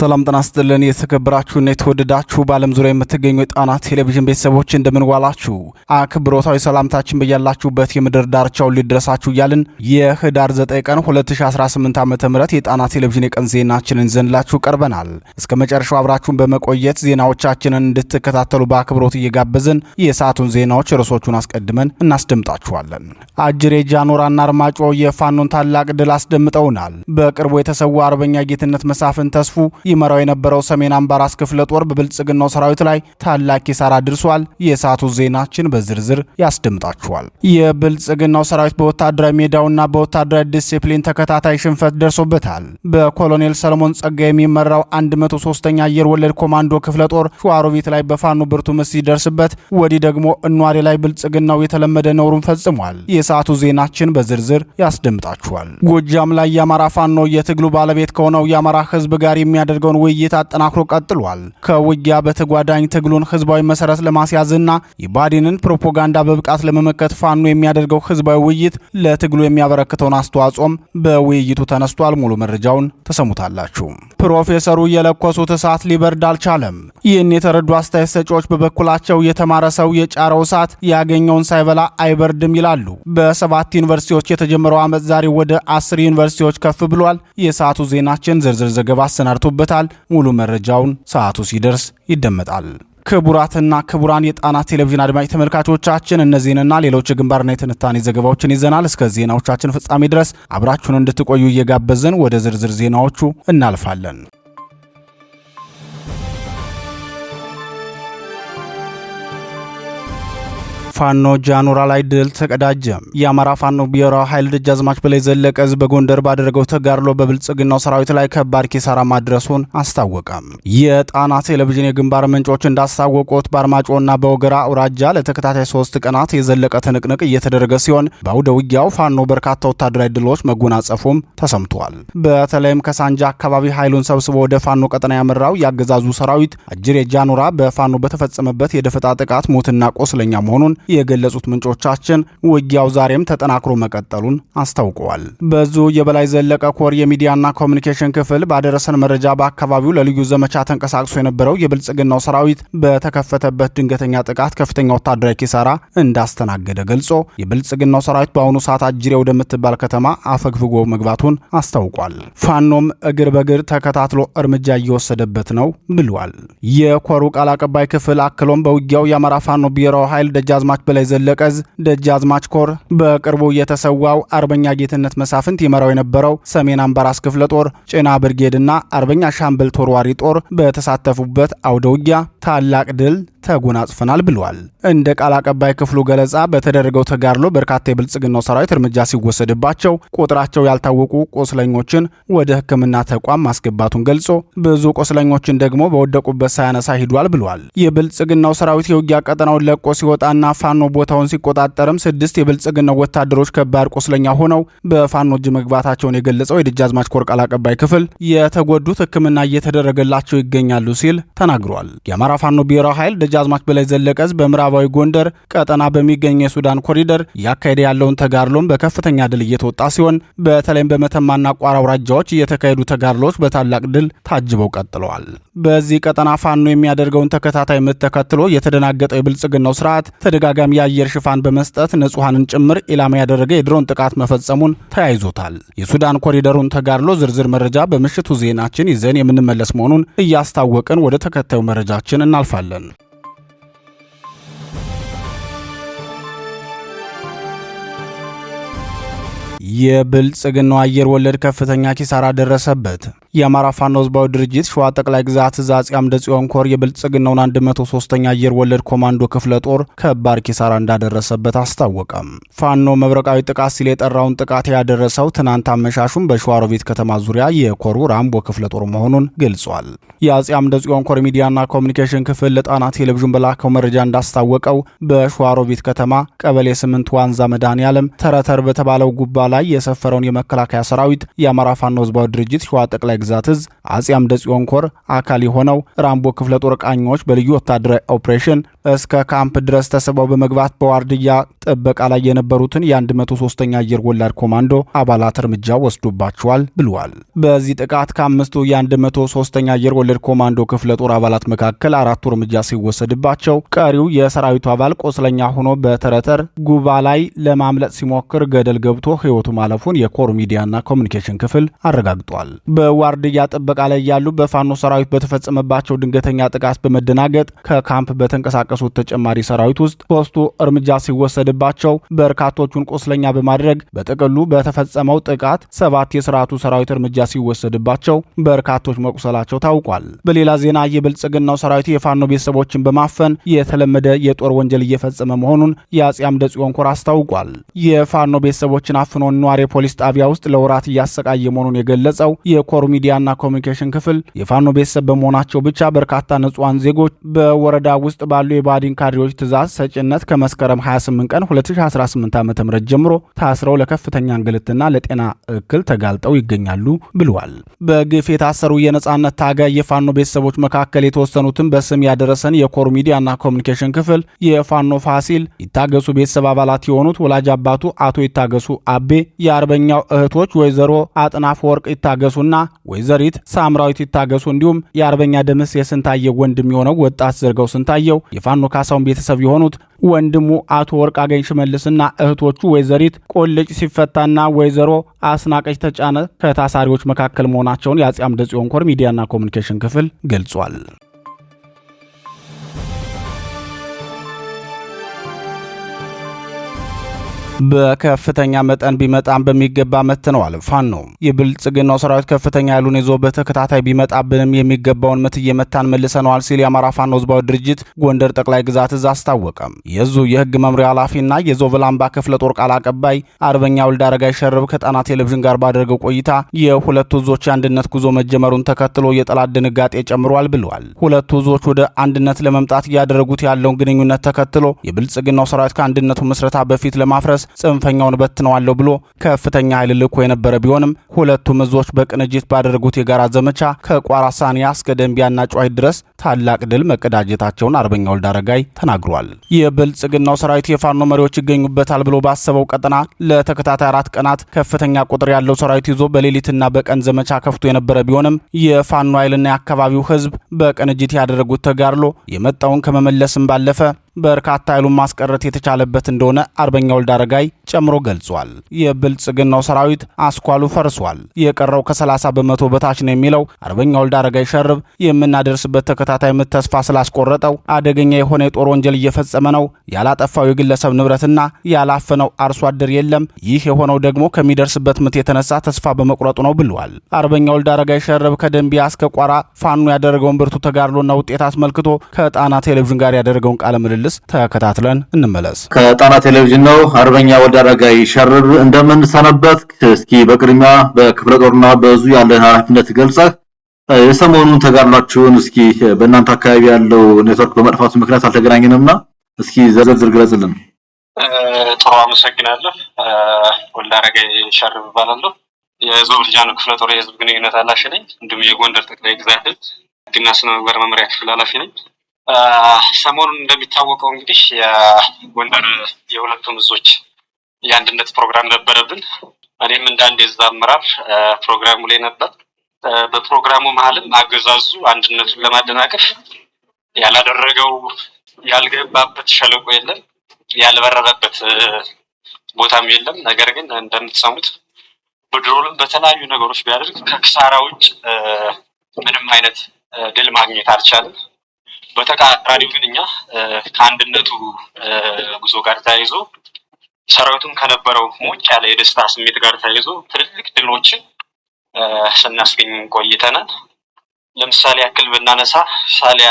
ሰላም ጤና ይስጥልን። የተከበራችሁና የተወደዳችሁ በዓለም ዙሪያ የምትገኙ የጣና ቴሌቪዥን ቤተሰቦች እንደምንዋላችሁ አክብሮታዊ ሰላምታችን በያላችሁበት የምድር ዳርቻውን ሊድረሳችሁ እያልን የህዳር 9 ቀን 2018 ዓ ም የጣና ቴሌቪዥን የቀን ዜናችንን ዘንላችሁ ቀርበናል። እስከ መጨረሻው አብራችሁን በመቆየት ዜናዎቻችንን እንድትከታተሉ በአክብሮት እየጋበዝን የሰዓቱን ዜናዎች ርዕሶቹን አስቀድመን እናስደምጣችኋለን። አጅሬ ጃኖራና አርማጮ የፋኖን ታላቅ ድል አስደምጠውናል። በቅርቡ የተሰዋ አርበኛ ጌትነት መሳፍን ተስፉ ይመራው የነበረው ሰሜን አምባራስ ክፍለ ጦር በብልጽግናው ሰራዊት ላይ ታላቅ ኪሳራ ድርሷል። የሰዓቱ ዜናችን በዝርዝር ያስደምጣችኋል። የብልጽግናው ሰራዊት በወታደራዊ ሜዳውና በወታደራዊ ዲሲፕሊን ተከታታይ ሽንፈት ደርሶበታል። በኮሎኔል ሰለሞን ጸጋ የሚመራው 103ኛ አየር ወለድ ኮማንዶ ክፍለ ጦር ሸዋሮቢት ላይ በፋኖ ብርቱ ምት ሲደርስበት፣ ወዲህ ደግሞ እኗሪ ላይ ብልጽግናው የተለመደ ነውሩን ፈጽሟል። የሰዓቱ ዜናችን በዝርዝር ያስደምጣችኋል። ጎጃም ላይ የአማራ ፋኖ የትግሉ ባለቤት ከሆነው የአማራ ህዝብ ጋር የሚያደ የሚያደርገውን ውይይት አጠናክሮ ቀጥሏል። ከውጊያ በተጓዳኝ ትግሉን ህዝባዊ መሰረት ለማስያዝና የባዴንን ፕሮፓጋንዳ በብቃት ለመመከት ፋኖ የሚያደርገው ህዝባዊ ውይይት ለትግሉ የሚያበረክተውን አስተዋጽኦም በውይይቱ ተነስቷል። ሙሉ መረጃውን ተሰሙታላችሁ። ፕሮፌሰሩ የለኮሱት እሳት ሊበርድ አልቻለም። ይህን የተረዱ አስተያየት ሰጪዎች በበኩላቸው የተማረ ሰው የጫረው እሳት ያገኘውን ሳይበላ አይበርድም ይላሉ። በሰባት ዩኒቨርሲቲዎች የተጀመረው አመት ዛሬ ወደ አስር ዩኒቨርሲቲዎች ከፍ ብሏል። የሰዓቱ ዜናችን ዝርዝር ዘገባ አሰናድቶበታል። ሙሉ መረጃውን ሰዓቱ ሲደርስ ይደመጣል። ክቡራትና ክቡራን የጣና ቴሌቪዥን አድማጭ ተመልካቾቻችን እነዚህንና ሌሎች የግንባርና የትንታኔ ዘገባዎችን ይዘናል። እስከ ዜናዎቻችን ፍጻሜ ድረስ አብራችሁን እንድትቆዩ እየጋበዝን ወደ ዝርዝር ዜናዎቹ እናልፋለን። ፋኖ ጃኑራ ላይ ድል ተቀዳጀ። የአማራ ፋኖ ብሔራዊ ኃይል ደጃዝማች በላይ ዘለቀ ህዝብ በጎንደር ባደረገው ተጋድሎ በብልጽግናው ሰራዊት ላይ ከባድ ኪሳራ ማድረሱን አስታወቀም። የጣና ቴሌቪዥን የግንባር ምንጮች እንዳስታወቁት በአርማጮና በወገራ አውራጃ ለተከታታይ ሶስት ቀናት የዘለቀ ትንቅንቅ እየተደረገ ሲሆን በአውደ ውጊያው ፋኖ በርካታ ወታደራዊ ድሎች መጎናጸፉም ተሰምቷል። በተለይም ከሳንጃ አካባቢ ኃይሉን ሰብስቦ ወደ ፋኖ ቀጠና ያመራው ያገዛዙ ሰራዊት አጅሬ ጃኑራ በፋኖ በተፈጸመበት የደፈጣ ጥቃት ሞትና ቆስለኛ መሆኑን የገለጹት ምንጮቻችን ውጊያው ዛሬም ተጠናክሮ መቀጠሉን አስታውቀዋል። በዙ የበላይ ዘለቀ ኮር የሚዲያና ኮሚኒኬሽን ክፍል ባደረሰን መረጃ በአካባቢው ለልዩ ዘመቻ ተንቀሳቅሶ የነበረው የብልጽግናው ሰራዊት በተከፈተበት ድንገተኛ ጥቃት ከፍተኛ ወታደራዊ ኪሳራ እንዳስተናገደ ገልጾ የብልጽግናው ሰራዊት በአሁኑ ሰዓት አጅሬ ወደምትባል ከተማ አፈግፍጎ መግባቱን አስታውቋል። ፋኖም እግር በእግር ተከታትሎ እርምጃ እየወሰደበት ነው ብሏል። የኮሩ ቃል አቀባይ ክፍል አክሎም በውጊያው የአማራ ፋኖ ብሔራዊ ኃይል ደጃዝማ በላይ ዘለቀዝ ደጃዝማች ኮር በቅርቡ የተሰዋው አርበኛ ጌትነት መሳፍንት ይመራው የነበረው ሰሜን አምባራስ ክፍለ ጦር ጭና ብርጌድና አርበኛ ሻምበል ተወርዋሪ ጦር በተሳተፉበት አውደ ውጊያ ታላቅ ድል ተጎናጽፈናል ብለዋል። እንደ ቃል አቀባይ ክፍሉ ገለጻ በተደረገው ተጋድሎ በርካታ የብልጽግናው ሰራዊት እርምጃ ሲወሰድባቸው ቁጥራቸው ያልታወቁ ቆስለኞችን ወደ ሕክምና ተቋም ማስገባቱን ገልጾ ብዙ ቆስለኞችን ደግሞ በወደቁበት ሳያነሳ ሂዷል ብለዋል። የብልጽግናው ሰራዊት የውጊያ ቀጠናውን ለቆ ሲወጣና ፋኖ ቦታውን ሲቆጣጠርም ስድስት የብልጽግናው ወታደሮች ከባድ ቆስለኛ ሆነው በፋኖ እጅ መግባታቸውን የገለጸው የደጃዝማች ኮር ቃል አቀባይ ክፍል የተጎዱት ሕክምና እየተደረገላቸው ይገኛሉ ሲል ተናግሯል። የአማራ ፋኖ ብሔራዊ ኃይል አዝማች በላይ ዘለቀ በምራባዊ በምዕራባዊ ጎንደር ቀጠና በሚገኝ የሱዳን ኮሪደር እያካሄደ ያለውን ተጋድሎም በከፍተኛ ድል እየተወጣ ሲሆን በተለይም በመተማና ቋር አውራጃዎች እየተካሄዱ ተጋድሎዎች በታላቅ ድል ታጅበው ቀጥለዋል። በዚህ ቀጠና ፋኖ የሚያደርገውን ተከታታይ ምት ተከትሎ የተደናገጠው የብልጽግናው ስርዓት ተደጋጋሚ የአየር ሽፋን በመስጠት ንጹሐንን ጭምር ኢላማ ያደረገ የድሮን ጥቃት መፈጸሙን ተያይዞታል። የሱዳን ኮሪደሩን ተጋድሎ ዝርዝር መረጃ በምሽቱ ዜናችን ይዘን የምንመለስ መሆኑን እያስታወቅን ወደ ተከታዩ መረጃችን እናልፋለን። የብልጽግናው አየር ወለድ ከፍተኛ ኪሳራ ደረሰበት። የአማራ ፋኖ ህዝባዊ ድርጅት ሸዋ ጠቅላይ ግዛት እዝ አፄ አምደ ጽዮን ኮር የብልጽግናውን 103ኛ አየር ወለድ ኮማንዶ ክፍለ ጦር ከባድ ኪሳራ እንዳደረሰበት አስታወቀም። ፋኖ መብረቃዊ ጥቃት ሲል የጠራውን ጥቃት ያደረሰው ትናንት አመሻሹን በሸዋሮቢት ከተማ ዙሪያ የኮሩ ራምቦ ክፍለ ጦር መሆኑን ገልጿል። የአፄ አምደ ጽዮን ኮር ሚዲያና ኮሚኒኬሽን ክፍል ለጣና ቴሌቪዥን በላከው መረጃ እንዳስታወቀው በሸዋሮቢት ከተማ ቀበሌ ስምንት ዋንዛ መድኃኔ ዓለም ተረተር በተባለው ጉባ ላይ የሰፈረውን የመከላከያ ሰራዊት የአማራ ፋኖ ህዝባዊ ድርጅት ሸዋ ጠቅላይ ግዛት እዝ አጼ አምደ ጽዮን ኮር አካል የሆነው ራምቦ ክፍለ ጦር ቃኞች በልዩ ወታደራዊ ኦፕሬሽን እስከ ካምፕ ድረስ ተስበው በመግባት በዋርድያ ጥበቃ ላይ የነበሩትን የ103ኛ አየር ወላድ ኮማንዶ አባላት እርምጃ ወስዶባቸዋል ብለዋል። በዚህ ጥቃት ከአምስቱ የ103ኛ አየር ወለድ ኮማንዶ ክፍለ ጦር አባላት መካከል አራቱ እርምጃ ሲወሰድባቸው፣ ቀሪው የሰራዊቱ አባል ቆስለኛ ሆኖ በተረተር ጉባ ላይ ለማምለጥ ሲሞክር ገደል ገብቶ ሕይወቱ ማለፉን የኮር ሚዲያና ኮሚኒኬሽን ክፍል አረጋግጧል። በዋርድያ ጥበቃ ላይ ያሉ በፋኖ ሰራዊት በተፈጸመባቸው ድንገተኛ ጥቃት በመደናገጥ ከካምፕ በተንቀሳቀሱት ተጨማሪ ሰራዊት ውስጥ ሶስቱ እርምጃ ሲወሰድ ሲወሰድባቸው በርካቶቹን ቁስለኛ በማድረግ በጥቅሉ በተፈጸመው ጥቃት ሰባት የስርዓቱ ሰራዊት እርምጃ ሲወሰድባቸው በርካቶች መቁሰላቸው ታውቋል። በሌላ ዜና የብልጽግናው ሰራዊት የፋኖ ቤተሰቦችን በማፈን የተለመደ የጦር ወንጀል እየፈጸመ መሆኑን የአጼ አምደ ጽዮን ኮር አስታውቋል። የፋኖ ቤተሰቦችን አፍኖ ኗሪ ፖሊስ ጣቢያ ውስጥ ለወራት እያሰቃየ መሆኑን የገለጸው የኮር ሚዲያና ኮሚኒኬሽን ክፍል የፋኖ ቤተሰብ በመሆናቸው ብቻ በርካታ ንጹሐን ዜጎች በወረዳ ውስጥ ባሉ የባዲን ካድሬዎች ትእዛዝ ሰጭነት ከመስከረም 28 ቀን ቀን 2018 ዓ ም ጀምሮ ታስረው ለከፍተኛ እንግልትና ለጤና እክል ተጋልጠው ይገኛሉ ብለዋል። በግፍ የታሰሩ የነጻነት ታጋይ የፋኖ ቤተሰቦች መካከል የተወሰኑትን በስም ያደረሰን የኮር ሚዲያና ኮሚኒኬሽን ክፍል የፋኖ ፋሲል ይታገሱ ቤተሰብ አባላት የሆኑት ወላጅ አባቱ አቶ ይታገሱ አቤ፣ የአርበኛው እህቶች ወይዘሮ አጥናፍ ወርቅ ይታገሱና ወይዘሪት ሳምራዊት ይታገሱ እንዲሁም የአርበኛ ደምስ የስንታየው ወንድም የሆነው ወጣት ዘርገው ስንታየው የፋኖ ካሳውን ቤተሰብ የሆኑት ወንድሙ አቶ ወርቅ ተገኝ ሽመልስና እህቶቹ ወይዘሪት ቆልጭ ሲፈታና ወይዘሮ አስናቀች ተጫነ ከታሳሪዎች መካከል መሆናቸውን የአጼ አምደ ጽዮን ኮር ሚዲያና ኮሚኒኬሽን ክፍል ገልጿል። በከፍተኛ መጠን ቢመጣም በሚገባ መትነዋል። ፋኖ የብልጽግናው ሰራዊት ከፍተኛ ያሉን ይዞ በተከታታይ ቢመጣብንም የሚገባውን ምት እየመታን መልሰነዋል ሲል የአማራ ፋኖ ህዝባዊ ድርጅት ጎንደር ጠቅላይ ግዛት እዝ አስታወቀም። የዙ የህግ መምሪያ ኃላፊና የዞብል አምባ ክፍለ ጦር ቃል አቀባይ አርበኛ ውልድ አረጋይ ሸርብ ከጣና ቴሌቪዥን ጋር ባደረገው ቆይታ የሁለቱ እዞች የአንድነት ጉዞ መጀመሩን ተከትሎ የጠላት ድንጋጤ ጨምሯል ብለዋል። ሁለቱ እዞች ወደ አንድነት ለመምጣት እያደረጉት ያለውን ግንኙነት ተከትሎ የብልጽግናው ሰራዊት ከአንድነቱ ምስረታ በፊት ለማፍረስ ጽንፈኛውን በትነዋለሁ ብሎ ከፍተኛ ኃይል ልኮ የነበረ ቢሆንም ሁለቱም እዞች በቅንጅት ባደረጉት የጋራ ዘመቻ ከቋራ ሳኒያ እስከ ደንቢያና ጨዋሂት ድረስ ታላቅ ድል መቀዳጀታቸውን አርበኛ ወልድ አረጋይ ተናግሯል። የብልጽግናው ሰራዊት የፋኖ መሪዎች ይገኙበታል ብሎ ባሰበው ቀጠና ለተከታታይ አራት ቀናት ከፍተኛ ቁጥር ያለው ሰራዊት ይዞ በሌሊትና በቀን ዘመቻ ከፍቶ የነበረ ቢሆንም የፋኖ ኃይልና የአካባቢው ህዝብ በቅንጅት ያደረጉት ተጋድሎ የመጣውን ከመመለስም ባለፈ በርካታ ኃይሉን ማስቀረት የተቻለበት እንደሆነ አርበኛ ወልድ አረጋይ ጨምሮ ገልጿል። የብልጽግናው ሰራዊት አስኳሉ ፈርሷል፣ የቀረው ከ30 በመቶ በታች ነው የሚለው አርበኛ ወልድ አረጋ ሸርብ የምናደርስበት ተከታታይ ምት ተስፋ ስላስቆረጠው አደገኛ የሆነ የጦር ወንጀል እየፈጸመ ነው። ያላጠፋው የግለሰብ ንብረትና ያላፈነው አርሶ አደር የለም። ይህ የሆነው ደግሞ ከሚደርስበት ምት የተነሳ ተስፋ በመቁረጡ ነው ብሏል። አርበኛ ወልድ አረጋ ሸርብ ከደንቢያ እስከ ቋራ ፋኖ ያደረገውን ብርቱ ተጋድሎና ውጤት አስመልክቶ ከጣና ቴሌቪዥን ጋር ያደረገውን ቃለ ምልልስ ተከታትለን እንመለስ። ከጣና ቴሌቪዥን ነው አርበኛ ወልድ ተደረገ ይሸርር እንደምንሰነበት እስኪ በቅድሚያ በክፍለ ጦርና በዙ ያለን ኃላፊነት ገልጸህ የሰሞኑን ተጋድሏችሁን እስኪ በእናንተ አካባቢ ያለው ኔትወርክ በመጥፋቱ ምክንያት አልተገናኘንምና እስኪ ዝርዝር ግለጽልን። ጥሩ አመሰግናለሁ። አረጋይ ሸርብ እባላለሁ። የህዝብ ብልጃኑ ክፍለ ጦር የህዝብ ግንኙነት ኃላፊ ነኝ። እንዲሁም የጎንደር ጠቅላይ ግዛት ህግና ስነ ምግባር መመሪያ ክፍል ኃላፊ ነኝ። ሰሞኑን እንደሚታወቀው እንግዲህ የጎንደር የሁለቱም ህዞች የአንድነት ፕሮግራም ነበረብን። እኔም እንደ አንድ የዛ አመራር ፕሮግራሙ ላይ ነበር። በፕሮግራሙ መሀልም አገዛዙ አንድነቱን ለማደናቀፍ ያላደረገው ያልገባበት ሸለቆ የለም፣ ያልበረረበት ቦታም የለም። ነገር ግን እንደምትሰሙት በድሮልም በተለያዩ ነገሮች ቢያደርግ ከክሳራ ውጭ ምንም አይነት ድል ማግኘት አልቻለም። በተቃራኒው ግን እኛ ከአንድነቱ ጉዞ ጋር ተያይዞ ሰራዊቱን ከነበረው ሞጭ ያለ የደስታ ስሜት ጋር ተያይዞ ትልልቅ ድሎችን ስናስገኝ ቆይተናል። ለምሳሌ ያክል ብናነሳ ሳሊያ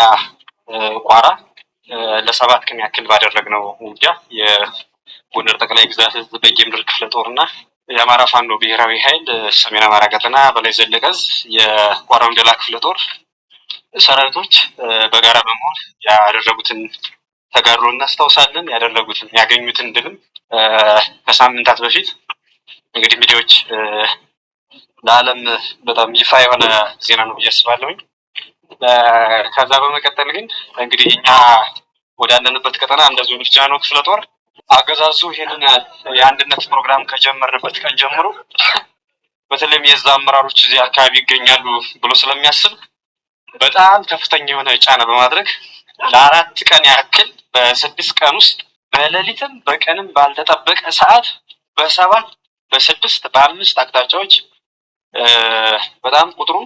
ቋራ ለሰባት ቀን ያክል ባደረግነው ውጊያ የጎንደር ጠቅላይ ግዛት እዝ በጌምድር ክፍለ ጦርና የአማራ ፋኖ ብሔራዊ ኃይል ሰሜን አማራ ቀጠና በላይ ዘለቀዝ የቋራ ወንገላ ክፍለ ጦር ሰራዊቶች በጋራ በመሆን ያደረጉትን ተጋድሎ እናስታውሳለን። ያደረጉትን ያገኙትን ድልም ከሳምንታት በፊት እንግዲህ ሚዲያዎች ለዓለም በጣም ይፋ የሆነ ዜና ነው ብዬ አስባለሁኝ። ከዛ በመቀጠል ግን እንግዲህ እኛ ወዳለንበት ቀጠና እንደዚሁ ጃኖ ክፍለ ጦር አገዛዙ ይህንን የአንድነት ፕሮግራም ከጀመርንበት ቀን ጀምሮ በተለይም የዛ አመራሮች እዚህ አካባቢ ይገኛሉ ብሎ ስለሚያስብ በጣም ከፍተኛ የሆነ ጫና በማድረግ ለአራት ቀን ያክል በስድስት ቀን ውስጥ በሌሊትም በቀንም ባልተጠበቀ ሰዓት በሰባት በስድስት በአምስት አቅጣጫዎች በጣም ቁጥሩ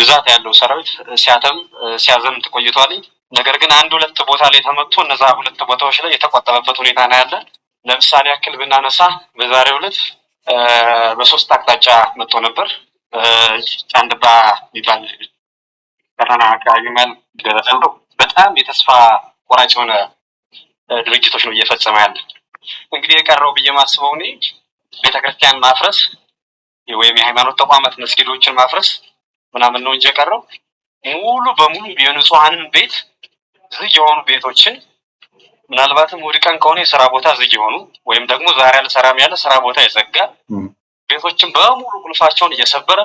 ብዛት ያለው ሰራዊት ሲያተም ሲያዘምት ቆይቷል። ነገር ግን አንድ ሁለት ቦታ ላይ ተመቶ እነዛ ሁለት ቦታዎች ላይ የተቆጠበበት ሁኔታ ነው ያለ። ለምሳሌ ያክል ብናነሳ በዛሬው ዕለት በሶስት አቅጣጫ መጥቶ ነበር። ጫንድባ የሚባል ቀጠና አካባቢ በጣም የተስፋ ቆራጭ የሆነ ድርጅቶች ነው እየፈጸመ ያለ። እንግዲህ የቀረው ብዬ ማስበው እኔ ቤተክርስቲያን ማፍረስ ወይም የሃይማኖት ተቋማት መስጊዶችን ማፍረስ ምናምን ነው እንጂ የቀረው ሙሉ በሙሉ የንጹሐንን ቤት ዝግ የሆኑ ቤቶችን ምናልባትም ቀን ከሆነ የስራ ቦታ ዝግ የሆኑ ወይም ደግሞ ዛሬ አልሰራም ያለ ስራ ቦታ የዘጋ ቤቶችን በሙሉ ቁልፋቸውን እየሰበረ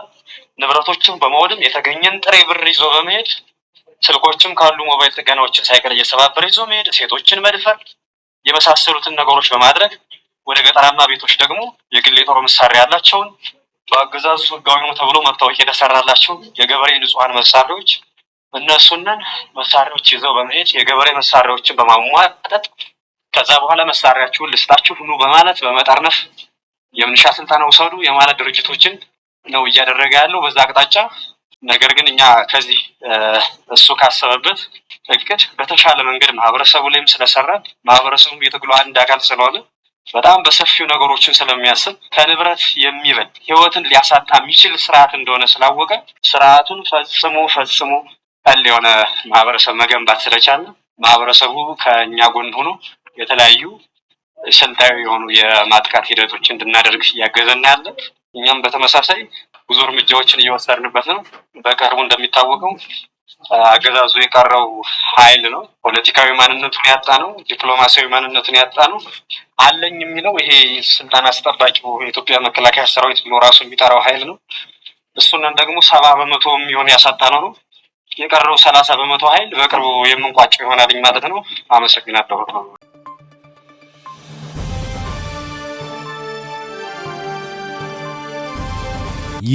ንብረቶችን በመውደም የተገኘን ጥሬ ብር ይዞ በመሄድ ስልኮችም ካሉ ሞባይል ጥገናዎችን ሳይቀር እየሰባበረ ይዞ መሄድ፣ ሴቶችን መድፈር የመሳሰሉትን ነገሮች በማድረግ ወደ ገጠራማ ቤቶች ደግሞ የግል የጦር መሳሪያ ያላቸውን በአገዛዙ ህጋዊ ነው ተብሎ መታወቂያ የተሰራላቸው የገበሬ ንጹሐን መሳሪያዎች እነሱንን መሳሪያዎች ይዘው በመሄድ የገበሬ መሳሪያዎችን በማሟጠጥ ከዛ በኋላ መሳሪያችሁን ልስጣችሁ ሁሉ በማለት በመጠርነፍ የምንሻ ስልጠና ውሰዱ የማለት ድርጅቶችን ነው እያደረገ ያለው በዛ አቅጣጫ ነገር ግን እኛ ከዚህ እሱ ካሰበበት እቅድ በተሻለ መንገድ ማህበረሰቡ ላይም ስለሰራ ማህበረሰቡም የትግሉ አንድ አካል ስለሆነ በጣም በሰፊው ነገሮችን ስለሚያስብ ከንብረት የሚበል ህይወትን ሊያሳጣ የሚችል ስርዓት እንደሆነ ስላወቀ ስርዓቱን ፈጽሞ ፈጽሞ ቀል የሆነ ማህበረሰብ መገንባት ስለቻለ ማህበረሰቡ ከእኛ ጎን ሆኖ የተለያዩ ስልታዊ የሆኑ የማጥቃት ሂደቶች እንድናደርግ እያገዘና ያለን እኛም በተመሳሳይ ብዙ እርምጃዎችን እየወሰድንበት ነው። በቅርቡ እንደሚታወቀው አገዛዙ የቀረው ኃይል ነው። ፖለቲካዊ ማንነቱን ያጣ ነው። ዲፕሎማሲያዊ ማንነቱን ያጣ ነው። አለኝ የሚለው ይሄ ስልጣን አስጠባቂው የኢትዮጵያ መከላከያ ሰራዊት ብሎ ራሱ የሚጠራው ኃይል ነው። እሱንን ደግሞ ሰባ በመቶ የሚሆን ያሳጣ ነው ነው የቀረው ሰላሳ በመቶ ኃይል በቅርቡ የምንቋጭው ይሆናልኝ ማለት ነው። አመሰግናለሁ።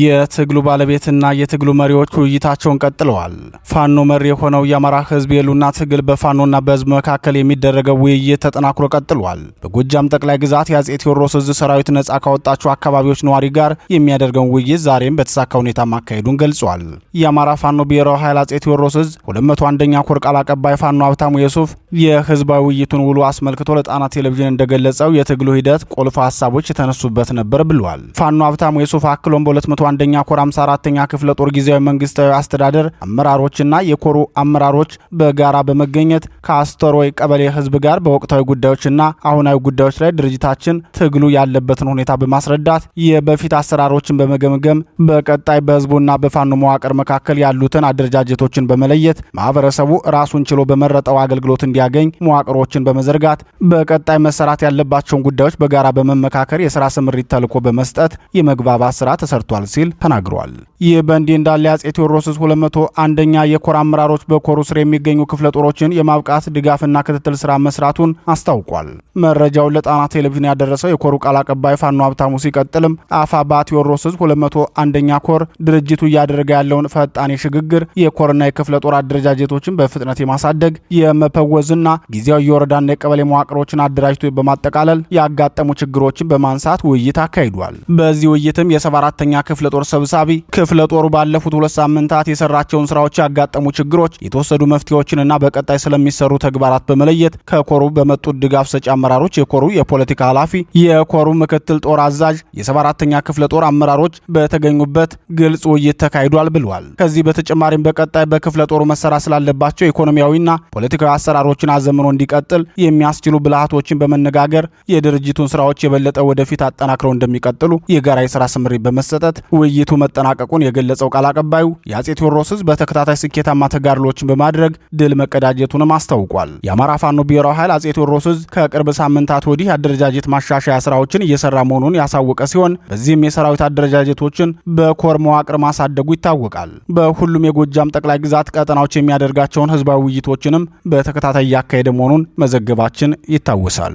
የትግሉ ባለቤትና የትግሉ መሪዎች ውይይታቸውን ቀጥለዋል። ፋኖ መሪ የሆነው የአማራ ህዝብ የሉና ትግል በፋኖና በህዝብ መካከል የሚደረገው ውይይት ተጠናክሮ ቀጥሏል። በጎጃም ጠቅላይ ግዛት የአጼ ቴዎድሮስ እዝ ሰራዊት ነጻ ካወጣቸው አካባቢዎች ነዋሪ ጋር የሚያደርገውን ውይይት ዛሬም በተሳካ ሁኔታ ማካሄዱን ገልጿል። የአማራ ፋኖ ብሔራዊ ኃይል አጼ ቴዎድሮስ እዝ 201ኛ ኮር ቃል አቀባይ ፋኖ ሀብታሙ የሱፍ የህዝባዊ ውይይቱን ውሎ አስመልክቶ ለጣና ቴሌቪዥን እንደገለጸው የትግሉ ሂደት ቁልፍ ሀሳቦች የተነሱበት ነበር ብሏል። ፋኖ ሀብታሙ የሱፍ አክሎን በ መቶ አንደኛ ኮር 54ኛ ክፍለ ጦር ጊዜያዊ መንግስት አስተዳደር አመራሮችና የኮሩ አመራሮች በጋራ በመገኘት ከአስተሮይ ቀበሌ ህዝብ ጋር በወቅታዊ ጉዳዮችና አሁናዊ ጉዳዮች ላይ ድርጅታችን ትግሉ ያለበትን ሁኔታ በማስረዳት የበፊት አሰራሮችን በመገምገም በቀጣይ በህዝቡና በፋኖ መዋቅር መካከል ያሉትን አደረጃጀቶችን በመለየት ማህበረሰቡ ራሱን ችሎ በመረጠው አገልግሎት እንዲያገኝ መዋቅሮችን በመዘርጋት በቀጣይ መሰራት ያለባቸውን ጉዳዮች በጋራ በመመካከር የስራ ስምሪት ተልዕኮ በመስጠት የመግባባት ስራ ተሰርቷል ሲል ተናግሯል። ይህ በእንዲህ እንዳለ አፄ ቴዎድሮስ 201 አንደኛ የኮር አመራሮች በኮሩ ስር የሚገኙ ክፍለ ጦሮችን የማብቃት ድጋፍና ክትትል ስራ መስራቱን አስታውቋል። መረጃውን ለጣና ቴሌቪዥን ያደረሰው የኮሩ ቃል አቀባይ ፋኖ ሀብታሙ ሲቀጥልም አፋባ ቴዎድሮስ 201 አንደኛ ኮር ድርጅቱ እያደረገ ያለውን ፈጣን የሽግግር የኮርና የክፍለ ጦር አደረጃጀቶችን በፍጥነት የማሳደግ የመፈወዝና ጊዜያዊ የወረዳና የቀበሌ መዋቅሮችን አደራጅቶ በማጠቃለል ያጋጠሙ ችግሮችን በማንሳት ውይይት አካሂዷል። በዚህ ውይይትም የ 74 ተኛ ክፍለ ጦር ሰብሳቢ ክፍለ ጦሩ ባለፉት ሁለት ሳምንታት የሰራቸውን ስራዎች፣ ያጋጠሙ ችግሮች፣ የተወሰዱ መፍትሄዎችንና በቀጣይ ስለሚሰሩ ተግባራት በመለየት ከኮሩ በመጡት ድጋፍ ሰጪ አመራሮች፣ የኮሩ የፖለቲካ ኃላፊ፣ የኮሩ ምክትል ጦር አዛዥ፣ 74 ተኛ ክፍለ ጦር አመራሮች በተገኙበት ግልጽ ውይይት ተካሂዷል ብሏል። ከዚህ በተጨማሪም በቀጣይ በክፍለ ጦሩ መሰራት ስላለባቸው ኢኮኖሚያዊና ፖለቲካዊ አሰራሮችን አዘምኖ እንዲቀጥል የሚያስችሉ ብልሃቶችን በመነጋገር የድርጅቱን ስራዎች የበለጠ ወደፊት አጠናክረው እንደሚቀጥሉ የጋራ የስራ ስምሪ በመሰጠት ውይይቱ መጠናቀቁን የገለጸው ቃል አቀባዩ የአጼ ቴዎድሮስ ህዝብ በተከታታይ ስኬታማ ተጋድሎችን በማድረግ ድል መቀዳጀቱንም አስታውቋል። የአማራ ፋኖ ብሔራዊ ኃይል አጼ ቴዎድሮስ ህዝብ ከቅርብ ሳምንታት ወዲህ አደረጃጀት ማሻሻያ ስራዎችን እየሰራ መሆኑን ያሳወቀ ሲሆን በዚህም የሰራዊት አደረጃጀቶችን በኮር መዋቅር ማሳደጉ ይታወቃል። በሁሉም የጎጃም ጠቅላይ ግዛት ቀጠናዎች የሚያደርጋቸውን ህዝባዊ ውይይቶችንም በተከታታይ እያካሄደ መሆኑን መዘገባችን ይታወሳል።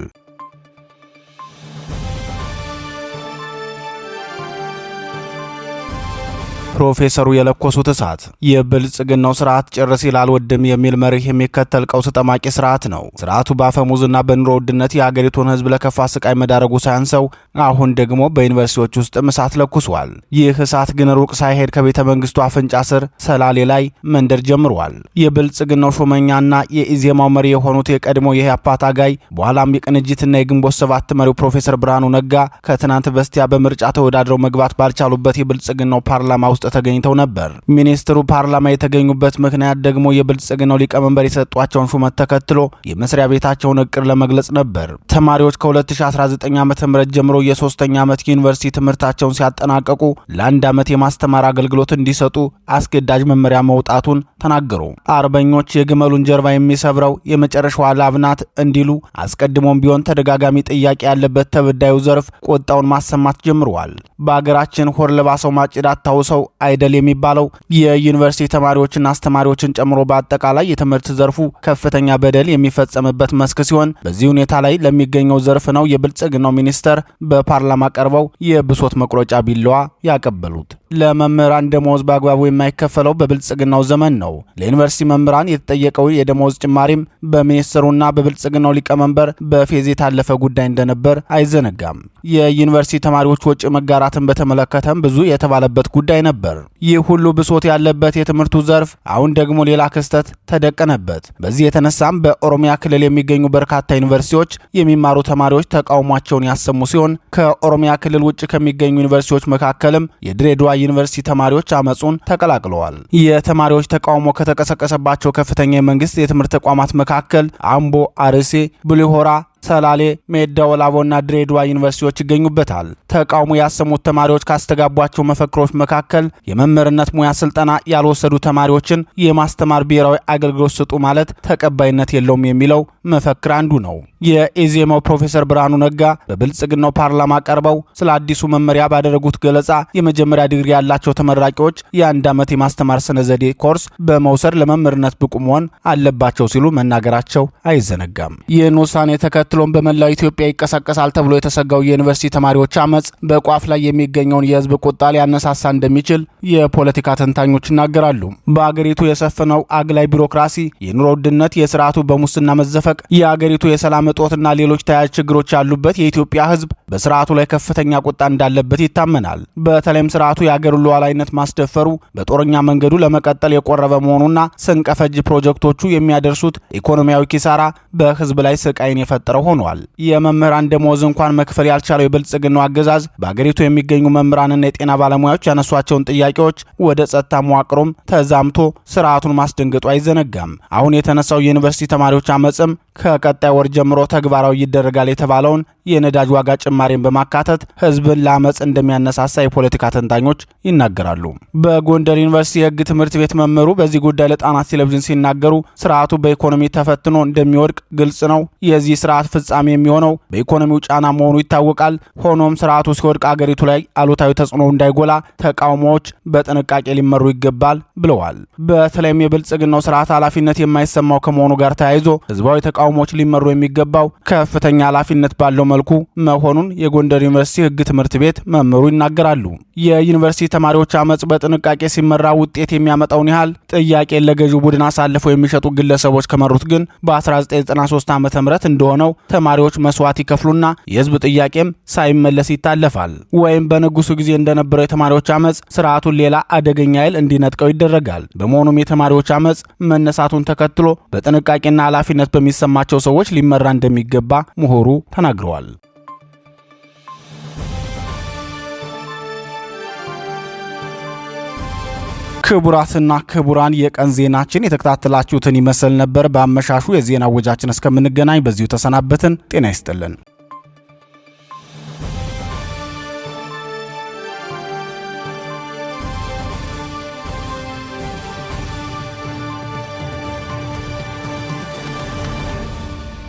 ፕሮፌሰሩ የለኮሱት እሳት የብልጽግናው ስርዓት ጭርስ ይላል ወድም የሚል መሪህ የሚከተል ቀውስ ጠማቂ ስርዓት ነው። ስርዓቱ በአፈሙዝና በኑሮ ውድነት የአገሪቱን ህዝብ ለከፋ ስቃይ መዳረጉ ሳያንሰው አሁን ደግሞ በዩኒቨርሲቲዎች ውስጥም እሳት ለኩሷል። ይህ እሳት ግን ሩቅ ሳይሄድ ከቤተ መንግስቱ አፍንጫ ስር ሰላሌ ላይ መንደር ጀምሯል። የብልጽግናው ሹመኛና የኢዜማው መሪ የሆኑት የቀድሞ የኢህአፓ ታጋይ በኋላም የቅንጅትና የግንቦት ሰባት መሪው ፕሮፌሰር ብርሃኑ ነጋ ከትናንት በስቲያ በምርጫ ተወዳድረው መግባት ባልቻሉበት የብልጽግናው ፓርላማ ውስጥ ተገኝተው ነበር። ሚኒስትሩ ፓርላማ የተገኙበት ምክንያት ደግሞ የብልጽግናው ሊቀመንበር የሰጧቸውን ሹመት ተከትሎ የመስሪያ ቤታቸውን እቅድ ለመግለጽ ነበር። ተማሪዎች ከ2019 ዓ ም ጀምሮ የሶስተኛ ዓመት የዩኒቨርሲቲ ትምህርታቸውን ሲያጠናቀቁ ለአንድ ዓመት የማስተማር አገልግሎት እንዲሰጡ አስገዳጅ መመሪያ መውጣቱን ተናገሩ። አርበኞች የግመሉን ጀርባ የሚሰብረው የመጨረሻዋ ላብ ናት እንዲሉ አስቀድሞም ቢሆን ተደጋጋሚ ጥያቄ ያለበት ተበዳዩ ዘርፍ ቆጣውን ማሰማት ጀምረዋል። በአገራችን ሆር ለባሰው ማጭድ አታውሰው አይደል የሚባለው የዩኒቨርሲቲ ተማሪዎችና አስተማሪዎችን ጨምሮ በአጠቃላይ የትምህርት ዘርፉ ከፍተኛ በደል የሚፈጸምበት መስክ ሲሆን በዚህ ሁኔታ ላይ ለሚገኘው ዘርፍ ነው የብልጽግናው ሚኒስተር በ በፓርላማ ቀርበው የብሶት መቁረጫ ቢላዋ ያቀበሉት። ለመምህራን ደሞዝ በአግባቡ የማይከፈለው በብልጽግናው ዘመን ነው። ለዩኒቨርሲቲ መምህራን የተጠየቀው የደሞዝ ጭማሪም በሚኒስትሩና በብልጽግናው ሊቀመንበር በፌዝ የታለፈ ጉዳይ እንደነበር አይዘነጋም። የዩኒቨርሲቲ ተማሪዎች ወጪ መጋራትን በተመለከተም ብዙ የተባለበት ጉዳይ ነበር። ይህ ሁሉ ብሶት ያለበት የትምህርቱ ዘርፍ አሁን ደግሞ ሌላ ክስተት ተደቀነበት። በዚህ የተነሳም በኦሮሚያ ክልል የሚገኙ በርካታ ዩኒቨርሲቲዎች የሚማሩ ተማሪዎች ተቃውሟቸውን ያሰሙ ሲሆን ከኦሮሚያ ክልል ውጭ ከሚገኙ ዩኒቨርሲቲዎች መካከልም የድሬዳዋ ዩኒቨርሲቲ ተማሪዎች አመፁን ተቀላቅለዋል። የተማሪዎች ተቃውሞ ከተቀሰቀሰባቸው ከፍተኛ የመንግስት የትምህርት ተቋማት መካከል አምቦ፣ አርሴ፣ ቡሌሆራ ሰላሌ፣ ሜዳ ወላቦና ድሬዳዋ ዩኒቨርሲቲዎች ይገኙበታል። ተቃውሞ ያሰሙት ተማሪዎች ካስተጋቧቸው መፈክሮች መካከል የመምህርነት ሙያ ስልጠና ያልወሰዱ ተማሪዎችን የማስተማር ብሔራዊ አገልግሎት ስጡ ማለት ተቀባይነት የለውም የሚለው መፈክር አንዱ ነው። የኢዜማው ፕሮፌሰር ብርሃኑ ነጋ በብልጽግናው ፓርላማ ቀርበው ስለ አዲሱ መመሪያ ባደረጉት ገለጻ የመጀመሪያ ዲግሪ ያላቸው ተመራቂዎች የአንድ ዓመት የማስተማር ስነ ዘዴ ኮርስ በመውሰድ ለመምህርነት ብቁ መሆን አለባቸው ሲሉ መናገራቸው አይዘነጋም። ይህን ውሳኔ ተከትሎ ተከትሎም በመላው ኢትዮጵያ ይቀሰቀሳል ተብሎ የተሰጋው የዩኒቨርሲቲ ተማሪዎች አመፅ በቋፍ ላይ የሚገኘውን የህዝብ ቁጣ ሊያነሳሳ እንደሚችል የፖለቲካ ተንታኞች ይናገራሉ። በአገሪቱ የሰፈነው አግላይ ቢሮክራሲ፣ የኑሮ ውድነት፣ የስርዓቱ በሙስና መዘፈቅ፣ የአገሪቱ የሰላም እጦትና ሌሎች ተያያዥ ችግሮች ያሉበት የኢትዮጵያ ህዝብ በስርዓቱ ላይ ከፍተኛ ቁጣ እንዳለበት ይታመናል። በተለይም ስርዓቱ የአገሩን ሉዓላዊነት ማስደፈሩ በጦረኛ መንገዱ ለመቀጠል የቆረበ መሆኑና ስንቀፈጅ ፕሮጀክቶቹ የሚያደርሱት ኢኮኖሚያዊ ኪሳራ በህዝብ ላይ ስቃይን የፈጠረው ኪሳራ ሆኗል። የመምህራን ደሞዝ እንኳን መክፈል ያልቻለው የብልጽግናው አገዛዝ በአገሪቱ የሚገኙ መምህራንና የጤና ባለሙያዎች ያነሷቸውን ጥያቄዎች ወደ ጸጥታ መዋቅሩም ተዛምቶ ስርዓቱን ማስደንገጡ አይዘነጋም። አሁን የተነሳው የዩኒቨርሲቲ ተማሪዎች አመፅም ከቀጣይ ወር ጀምሮ ተግባራዊ ይደረጋል የተባለውን የነዳጅ ዋጋ ጭማሪን በማካተት ህዝብን ለአመፅ እንደሚያነሳሳ የፖለቲካ ተንታኞች ይናገራሉ። በጎንደር ዩኒቨርሲቲ የህግ ትምህርት ቤት መምህሩ በዚህ ጉዳይ ለጣናት ቴሌቪዥን ሲናገሩ ስርዓቱ በኢኮኖሚ ተፈትኖ እንደሚወድቅ ግልጽ ነው። የዚህ ስርዓት ስርዓት ፍጻሜ የሚሆነው በኢኮኖሚው ጫና መሆኑ ይታወቃል። ሆኖም ስርዓቱ ሲወድቅ አገሪቱ ላይ አሉታዊ ተጽዕኖ እንዳይጎላ ተቃውሞዎች በጥንቃቄ ሊመሩ ይገባል ብለዋል። በተለይም የብልጽግናው ስርዓት ኃላፊነት የማይሰማው ከመሆኑ ጋር ተያይዞ ህዝባዊ ተቃውሞዎች ሊመሩ የሚገባው ከፍተኛ ኃላፊነት ባለው መልኩ መሆኑን የጎንደር ዩኒቨርሲቲ ህግ ትምህርት ቤት መምህሩ ይናገራሉ። የዩኒቨርሲቲ ተማሪዎች አመፅ በጥንቃቄ ሲመራ ውጤት የሚያመጣውን ያህል ጥያቄን ለገዢው ቡድን አሳልፈው የሚሸጡ ግለሰቦች ከመሩት ግን በ1993 ዓ ም እንደሆነው ተማሪዎች መስዋዕት ይከፍሉና የህዝብ ጥያቄም ሳይመለስ ይታለፋል። ወይም በንጉሱ ጊዜ እንደነበረው የተማሪዎች አመፅ ስርዓቱን ሌላ አደገኛ ኃይል እንዲነጥቀው ይደረጋል። በመሆኑም የተማሪዎች አመፅ መነሳቱን ተከትሎ በጥንቃቄና ኃላፊነት በሚሰማቸው ሰዎች ሊመራ እንደሚገባ ምሁሩ ተናግረዋል። ክቡራትና ክቡራን የቀን ዜናችን የተከታተላችሁትን ይመስል ነበር። በአመሻሹ የዜና ወጃችን እስከምንገናኝ በዚሁ ተሰናበትን። ጤና ይስጥልን።